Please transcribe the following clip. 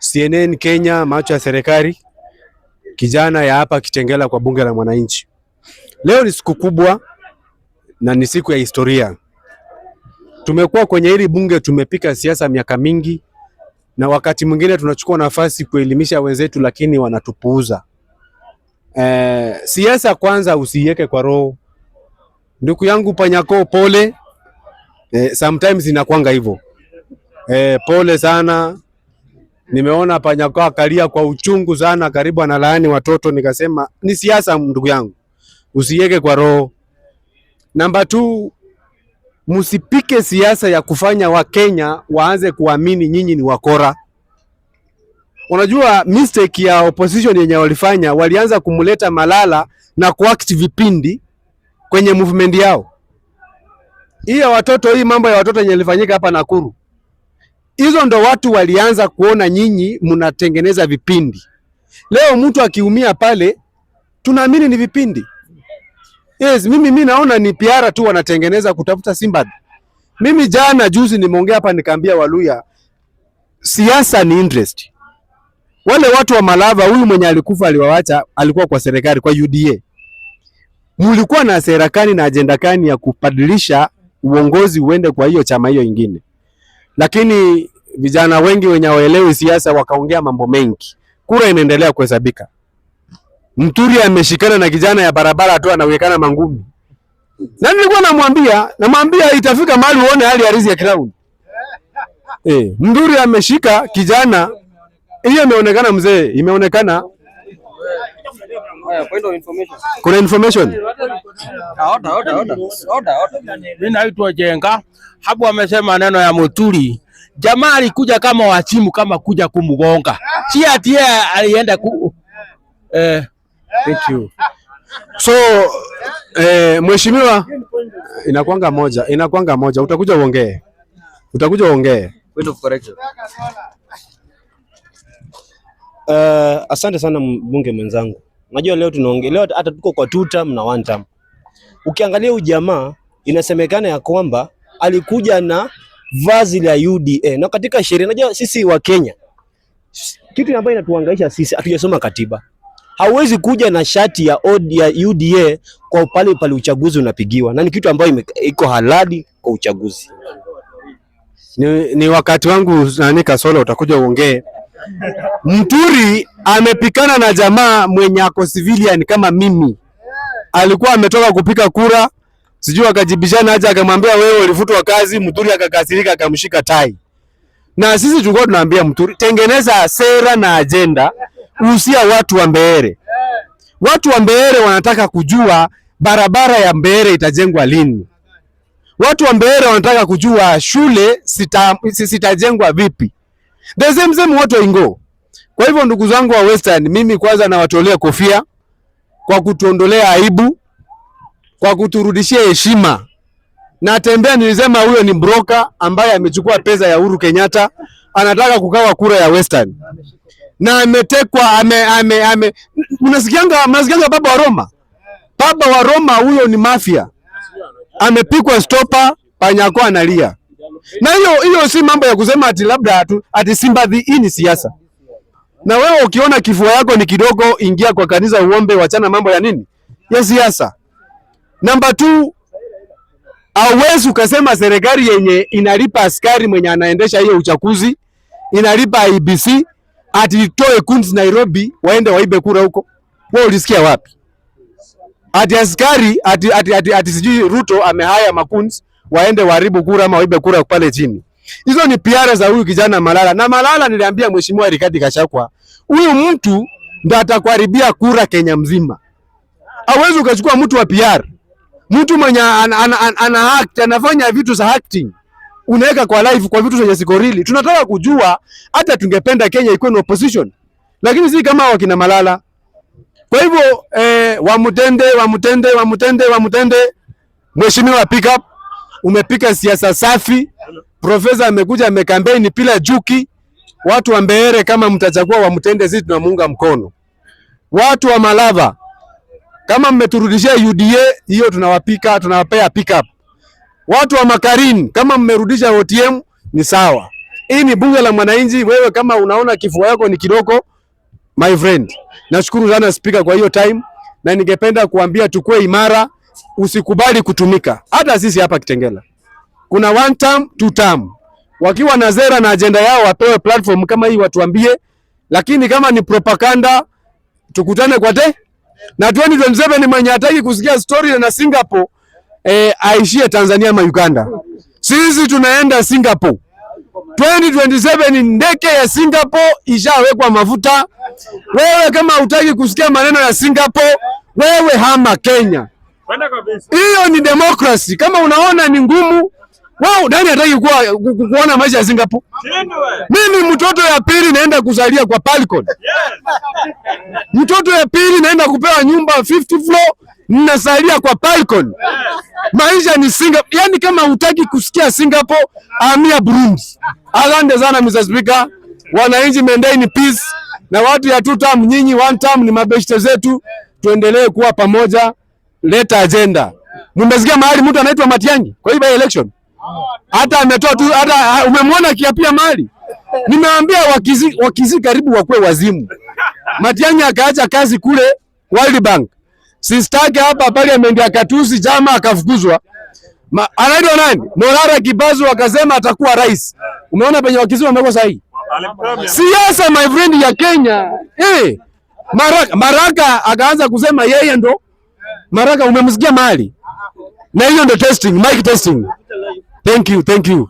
CNN Kenya, macho ya serikali, kijana ya hapa Kitengela kwa bunge la mwananchi. Leo ni siku kubwa na ni siku ya historia. Tumekuwa kwenye hili bunge, tumepika siasa miaka mingi, na wakati mwingine tunachukua nafasi kuelimisha wenzetu, lakini wanatupuuza. E, siasa kwanza usiiweke kwa roho, ndugu yangu Panyako, pole. E, sometimes inakwanga hivyo. E, pole sana Nimeona Panyako akalia kwa uchungu sana, karibu analaani watoto, nikasema ni siasa, ndugu yangu, usiweke kwa roho. Namba tu, msipike siasa ya kufanya Wakenya waanze kuamini nyinyi ni wakora. Unajua mistake ya opposition yenye walifanya, walianza kumuleta Malala na kuact vipindi kwenye movement yao hii ya watoto. Hii mambo ya watoto yenye ilifanyika hapa Nakuru hizo ndo watu walianza kuona nyinyi mnatengeneza vipindi. Leo mtu akiumia pale tunaamini ni vipindi. Yes, mimi mimi naona ni piara tu wanatengeneza kutafuta Simba. Mimi jana juzi nimeongea hapa nikaambia Waluya, siasa ni interest. Wale watu wa Malava, huyu mwenye alikufa aliwaacha, alikuwa kwa serikali kwa UDA. Mulikuwa na serikali na ajenda kani ya kubadilisha uongozi uende kwa hiyo chama hiyo ingine lakini vijana wengi wenye waelewi siasa wakaongea mambo mengi. Kura inaendelea kuhesabika. Mturi ameshikana na kijana ya barabara tu anawekana mangumi. Na nilikuwa namwambia, namwambia itafika mahali uone hali ya rizi ya ground. Eh. eh, Mturi ameshika kijana, hiyo imeonekana mzee, imeonekana kuna information? Mimi naitwa Jenga. Hapo amesema neno ya Muturi. Jamaa alikuja kama wachimu kama kuja kumgonga. Si ati yeye alienda ku eh, thank you. So eh, mheshimiwa inakwanga moja, inakwanga moja. Utakuja uongee. Utakuja uongee. Point of correction. Uh, eh, asante sana mbunge mwenzangu. Unajua leo tunaongea leo hata tuko kwa two term na one term. Ukiangalia ujamaa inasemekana ya kwamba alikuja na vazi la UDA na katika sheria, unajua sisi wa Kenya kitu ambayo inatuhangaisha sisi, hatujasoma katiba. Hauwezi kuja na shati ya, odi ya UDA kwa pale pale uchaguzi unapigiwa, na ni kitu ambayo iko halali kwa uchaguzi. Ni, ni wakati wangu nani Kasolo, utakuja uongee. Mturi amepikana na jamaa mwenye ako civilian kama mimi, alikuwa ametoka kupika kura, sijui akajibishana aje, akamwambia wewe ulifutwa kazi. Mturi akakasirika akamshika tai, na sisi tulikuwa tunaambia Mturi, tengeneza sera na ajenda usia watu wa Mbeere. Watu wa Mbeere wanataka kujua barabara ya Mbeere itajengwa lini. Watu wa Mbeere wanataka kujua shule sita, sitajengwa vipi the same same what ingo. Kwa hivyo ndugu zangu wa Western, mimi kwanza nawatolea kofia kwa kutuondolea aibu, kwa kuturudishia heshima. Natembea nilisema huyo ni broker ambaye amechukua pesa ya Uhuru Kenyatta, anataka kukawa kura ya Western na ametekwa ame, ame, ame. unasikianga mnasikianga baba wa Roma, baba wa Roma huyo ni mafia, amepikwa stopa, panyako analia na hiyo hiyo si mambo ya kusema ati labda atu, ati Simba hii ni siasa. Na wewe ukiona kifua yako ni kidogo, ingia kwa kanisa uombe, wachana mambo ya nini ya siasa. Namba tu hauwezi ukasema serikali yenye inalipa askari mwenye anaendesha hiyo uchaguzi inalipa IBC ati itoe kunzi Nairobi waende waibe kura huko. Wewe ulisikia wapi? Ati askari ati ati ati, ati sijui Ruto amehaya makunzi waende waribu kura ama waibe kura pale chini. Hizo ni piara za huyu kijana Malala. Na Malala niliambia Mheshimiwa Rigathi Gachagua, huyu mtu ndo atakuharibia kura Kenya mzima. Hawezi ukachukua mtu wa PR. Mtu mwenye an, an, an, ana act, anafanya vitu za acting. Unaweka kwa live kwa vitu zenye really. Tunataka kujua hata tungependa Kenya ikuwe na opposition. Lakini si kama wakina Malala. Kwa hivyo eh, wamutende, wamutende, wamutende, wamutende. Mheshimiwa pick up umepika siasa safi. Profesa amekuja amekambeni bila juki. Watu wa Mbeere kama mtachagua wa Mtende, sisi tunamuunga mkono. Watu wa Malava kama mmeturudishia UDA hiyo, tunawapika tunawapea pick up. Watu wa Makarini kama mmerudisha OTM ni sawa. Hii ni bunge la mwananchi. Wewe kama unaona kifua yako ni kidogo, my friend, nashukuru sana speaker kwa hiyo time, na ningependa kuambia tukue imara usikubali kutumika. Hata sisi hapa Kitengela kuna one term, two term. Wakiwa na zera na ajenda yao wapewe platform kama hii watuambie, lakini kama ni propaganda tukutane kwa te na 2027 ni mwenye hataki kusikia story na Singapore eh, aishie Tanzania ama Uganda. Sisi tunaenda Singapore 2027 ndeke ya Singapore ishawekwa mafuta. Wewe kama hutaki kusikia maneno ya Singapore, wewe hama Kenya. Hiyo ni demokrasi. Kama unaona ni ngumu wewe ndani hataki kuwa kuona maisha ya Singapore. Mimi mtoto ya pili naenda kuzalia kwa Palikon. Mtoto ya pili naenda kupewa nyumba 50 floor, ninasalia kwa Palikon. Maisha ni Singapore. Yaani kama hutaki kusikia Singapore, ahamia Burundi. Asante sana Mr. Speaker. Wananchi maintain peace na watu ya two term, nyinyi one term ni mabeshte zetu, tuendelee kuwa pamoja leta agenda. Mmesikia mahali mtu anaitwa Matiang'i kwa hii by election, hata ametoa tu, hata umemwona kiapia mahali. Nimeambia wakizi, wakizi karibu wakuwe wazimu. Matiang'i akaacha kazi kule World Bank, sistake hapa pale, ameenda katusi chama akafukuzwa. Anaitwa nani? Morara Kibazu, akasema atakuwa rais. Umeona penye wakizi wamekuwa sahihi. Siasa my friend ya Kenya eh, hey, Maraka, Maraka akaanza kusema yeye ndo Maraga umemsikia mahali, na hiyo ndio testing, mic testing. Thank you, thank you.